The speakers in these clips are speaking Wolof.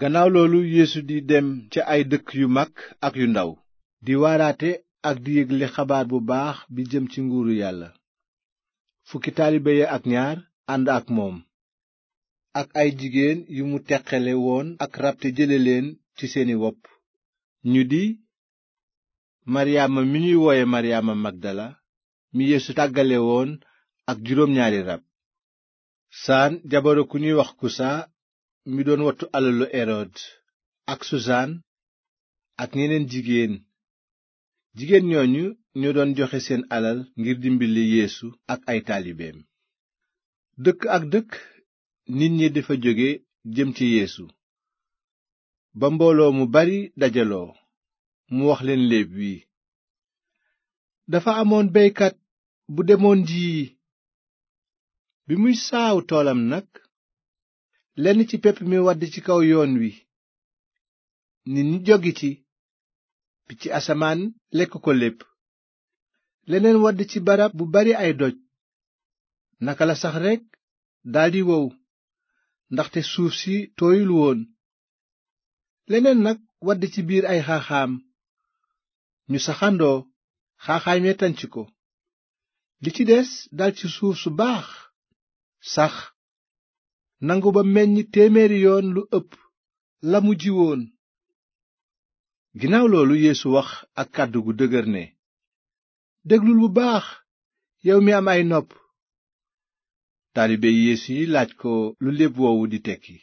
gannaaw loolu yéesu di dem ca ay dëkk yu mag ak yu ndaw di waraate ak di yégle xabaar bu baax bi jëm ci nguuru yàlla fukki taalibe ya ak ñaar ànd ak moom ak ay jigéen yu mu teqale woon ak rab te jële leen ci seeni wopp ñu di maryaama mi ñuy wooye maryaama magdala mi yéesu tàggale woon ak juróom ñaari rab mi doon wattu alalu erod ak susaan ak ñeneen jigéen jigéen ñooñu ñoo doon joxe seen alal ngir dimbali yéesu ak ay taalibeem dëkk ak dëkk nit ñi dafa jóge jëm ci yeesu ba mbooloo mu bari dajaloo mu wax leen léeb wii dafa amoon beykat bu demoon ji bi muy saaw toolam nag lenn ci pepp mi wadd ci kaw yoon wi nit ñi joggi ci picc asamaan lekk ko lépp leneen wadd ci barab bu bari ay doj naka la sax rekk daldi wow ndaxte suuf si tooyul woon leneen nag wadd ci biir ay xaaxaam ñu saxandoo xaaxaam ya ci ko li ci des dal ci suuf su baax sax nangu ba meññ téeméeri yoon lu ëpp la mu jiwoon ginnaaw loolu yéesu wax ak kàddu gu dëgër ne déglul bu baax yow mi am ay nopp taalibe yeesu yi laaj ko lu léeb woowu di tekki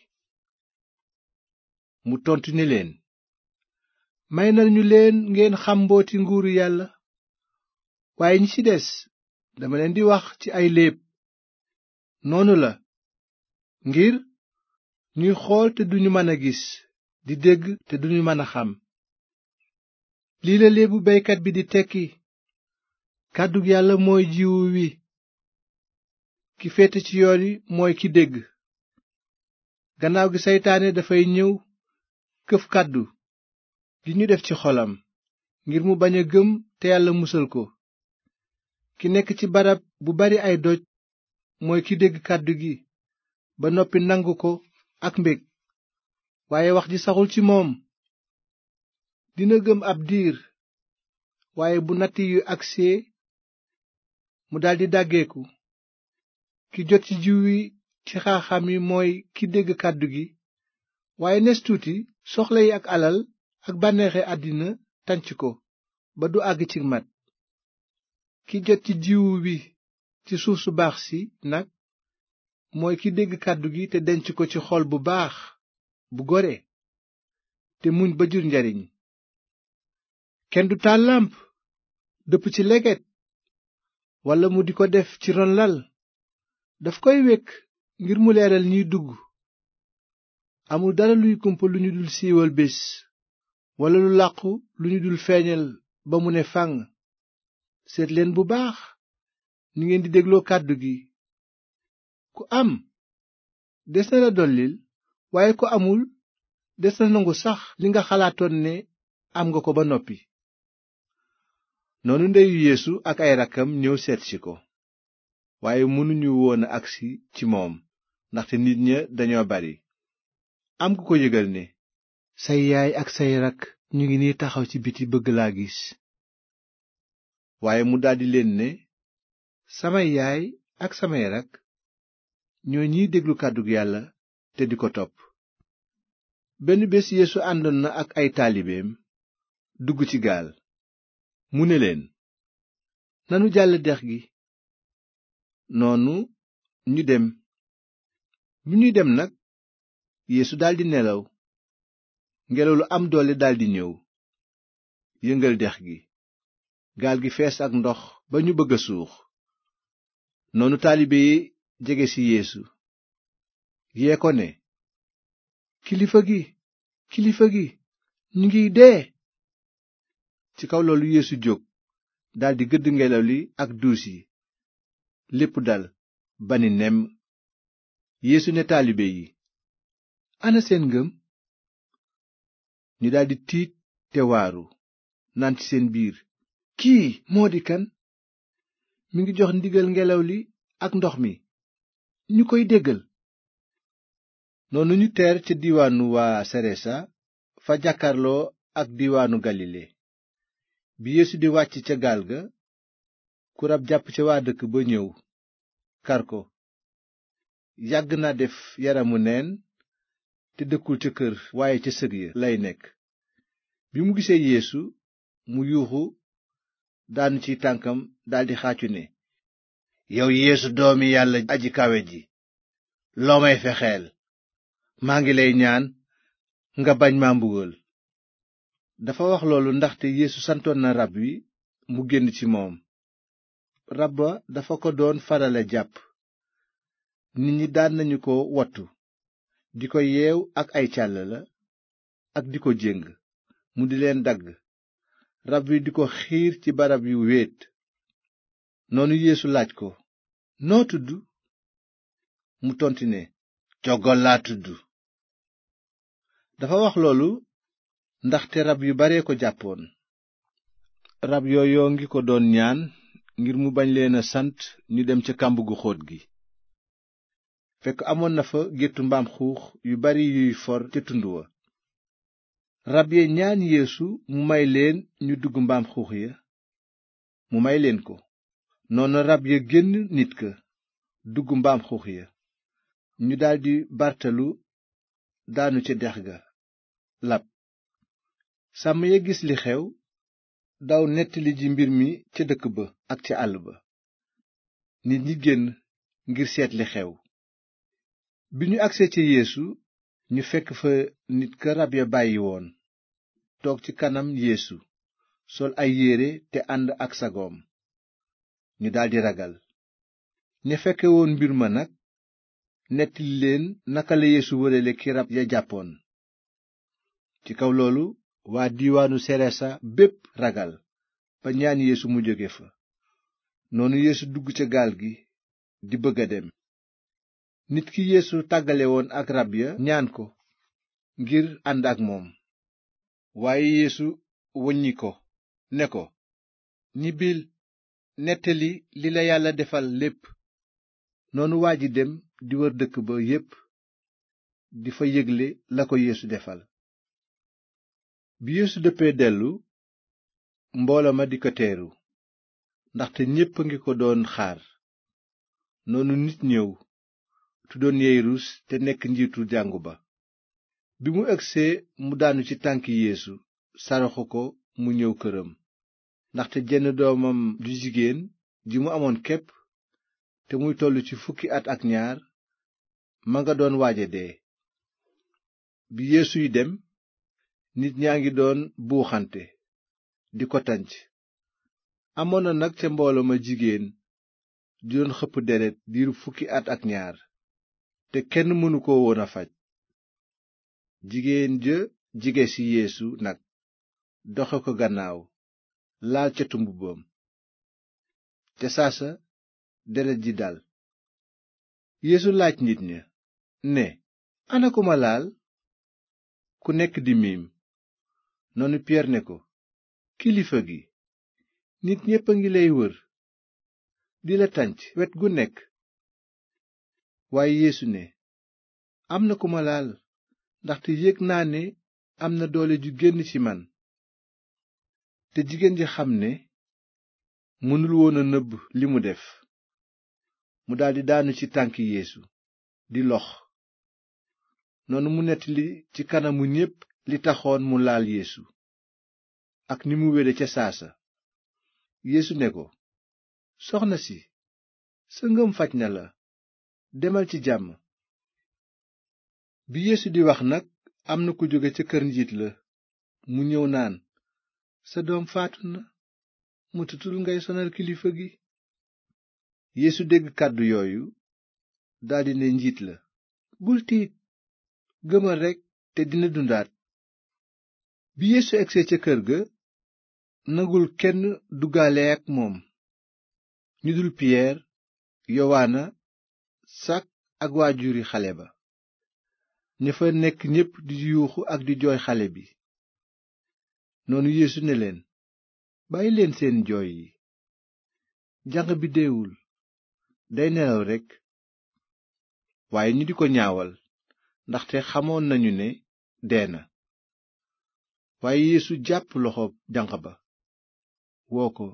mu tontu ni leen may na ñu leen ngeen xam mbooti nguuru yàlla waaye ñi ci des dama leen di wax ci ay léeb noonu la ngir ñuy xool te duñu mën a gis di dégg te duñu mën a xam lii la léebu baykat bi di tekki kàddug yàlla mooy jiwu wi ki féete ci yoon yi mooy ki dégg gannaaw gi seytaane dafay ñëw këf kàddu gi ñu def ci xolam ngir mu bañ a gëm te yàlla musal ko ki nekk ci barab bu bari ay doj mooy ki dégg kàddu gi ba noppi nangu ko ak mbég waaye wax ji saxul ci moom dina gëm ab diir waaye bu natt yu agsee mu daldi dàggeeku ki jot ci jiw ci xaaxaam yi mooy ki dégg kàddu gi waaye nes tuuti soxla yi ak alal ak bànneexe àddina tànc ko ba du àgg ci mat ki jot ci jiwu ci suuf su baax si nag mooy ki dégg kàddu gi te denc ko ci xool bu baax bu gore te muñ ba jur njariñ kenn du taal làmp dëpp ci leget walla mu di ko def ci ron lal daf koy wekk ngir mu leeral ñiy dugg amul dara luy kumpa lu ñu dul siiwal bés walla lu làqu lu ñu dul feeñal ba mu ne fànn seet leen bu baax ni ngeen di dégloo kàddu gi ku am des na la dollil waaye ku amul des na nangu sax li nga xalaatoon ne am nga ko ba noppi noonu ndeyu yéesu ak ay rakkam ñëw seetsi ko waaye mënuñu woon a agsi ci moom ndaxte nit ña dañoo bari am ku ko yëgal ne say yaay ak say rakk ñu ngi nii taxaw ci biti bëgg laa gis waaye mu daldi leen ne samay yaay ak samay rakk ñooy ñiy déglu kàddu yàlla te di ko topp benn bés yéesu àndoon na ak ay taalibeem dugg ci gaal mu ni leen nanu jàll dex gi noonu ñu dem mu ñuy dem nag yéesu daldi nelaw ngelaw lu am doole daldi ñëw yëngal dex gi gaal gi fees ak ndox ba ñu bëgg a suux noonu taalibe yi jege si yeesu yee ko ne kilifa gi kilifa gi ñu ngiy dee ci kaw loolu yéesu jóg daldi gëdd ngelaw li ak duus yi lépp dal bani nemm yéesu ne taalibe yi ana seen ngëm ñu daldi tiit te waaru naan ci seen biir kii moo di kan mu ngi jox ndigal ngelaw li ak ndox mi ñu koy déggal noonu ñu teer ca diwaanu waa seresa fa jàkkarloo ak diwaanu galile bi yeesu di wàcc ca gaal ga ku rab jàpp ca waa dëkk ba ñëw kar ko yàgg na def yaramu neen te dëkkul ca kër waaye ca sëg ya lay nekk bi mu gisee yéesu mu yuuxu daanu ci tànkam daldi xàccu ne yow yeesu doomi yàlla aji kawe ji loo may fexeel maa ngi lay ñaan nga bañ ma mbugal dafa wax loolu ndaxte yeesu santoon na rab wi mu génn ci moom rab wa dafa ko doon farale jàpp nit ñi daan nañu ko wattu di ko yeew ak ay càll la ak di ko jéng mu di leen dagg rab wi di ko xiir ci barab yu wéet noonu yeesu laaj ko noo tudd mu tontu ne coggol laa tudd dafa wax loolu ndaxte rab yu bare ko jàppoon rab yooyu ngi ko doon ñaan ngir mu bañ leen a sant ñu dem ca kàmb gu xóot gi fekk amoon na fa géttu mbaam xuux yu bari yuy for ca tund wa rab ya ñaan yeesu mu may leen ñu dugg mbaam xuux ya mu may leen ko noona rab ya génn nit ka dugg mbaam xuux ya ñu daldi bartalu daanu ca dex ga lab sàmm ya gis li xew daw nettali ji mbir mi ca dëkk ba ak ca àll ba nit ñi génn ngir seetli xew bi ñu agsee ca yeesu ñu fekk fa nit ka rab ya bàyyi woon toog ci kanam yéesu sol ay yére te ànd ak sagoom ñu daldi ragal ña fekke woon mbir ma nag nettali leen naka la wërale ki rab ya jàppoon ci kaw loolu waa diwaanu sereesa bépp ragal ba ñaan yeesu mu jóge fa noonu yeesu dugg ca gaal gi di bëgg a dem nit ki yéesu tàggale woon ak rab ya ñaan ko ngir ànd ak moom waaye yeesu woññi ko ne ko ñibbil nettali li la yàlla defal lépp noonu waa ji dem di wër dëkk ba yépp di fa yëgle la ko yeesu defal bi yeesu dëppee dellu mbooloo ma di ko teeru ndaxte ñépp a ngi ko doon xaar noonu nit ñëw tuddoon yayrus te nekk njiitu jàngu ba bi mu egsee mu daanu ci tànk yeesu saraxu ko mu ñëw këram ndaxte jenn doomam ju jigéen ji mu amoon képp te muy toll ci fukki at ak ñaar ma nga doon waaja a dee bi yéesuy dem nit ñaa ngi doon buuxante di ko tànc amoon na nag ca mbooloo ma jigéen di doon xëpp deret diiru fukki at ak ñaar te kenn mënu ko woon a faj jigéen ja jege si yeesu nag doxe ko gannaaw laal catu mbubbam te deret ji dal yéesu laaj nit ña ne ana ma laal ku nekk di miim noonu piyeer ne ko kilifa gi nit ñépp a ngi lay wër di la tànc wet gu nekk waaye yeesu ne am na ku ma laal ndaxte yëg naa ne am na doole ju génn ci man te jigéen ji xam ne mënul woon a nëbb li mu def mu daldi daanu ci tànki yéesu di lox noonu mu nettali ci kanamu ñépp li taxoon mu laal yéesu ak ni mu wére ca saasa yeesu ne ko soxna si sa ngëm faj na la demal ci jàmm bi yéesu di wax nag am na ku jóge ca kër njiit la mu ñëw naan sa ngay sonal kilifa gi yéesu dégg kàddu yooyu daldi ne njiit la bul tiit gëmal rekk te dina dundaat bi yeesu egsee ca kër ga nagul kenn duggaale ak moom ñu dul piyeer yowaana sak ak waajuri xale ba ña fa nekk ñépp di yuuxu ak di jooy xale bi noonu Yeesu ne leen bàyyi leen seen jooy yi jànq bi deewul day nelaw rekk waaye ñu di ko ñaawal ndaxte xamoon nañu ne dee na waaye Yeesu jàpp loxo jànq ba woo ko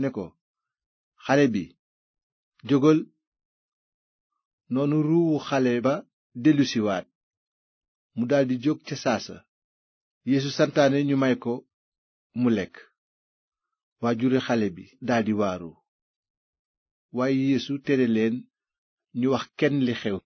ne ko xale bi jógal noonu ruuwu xale ba dellusiwaat mu daldi jóg ca saasa yéesu santaane ñu may ko mu lekk waa juri xale bi daldi waaru waaye Yeesu tere leen ñu wax kenn li xew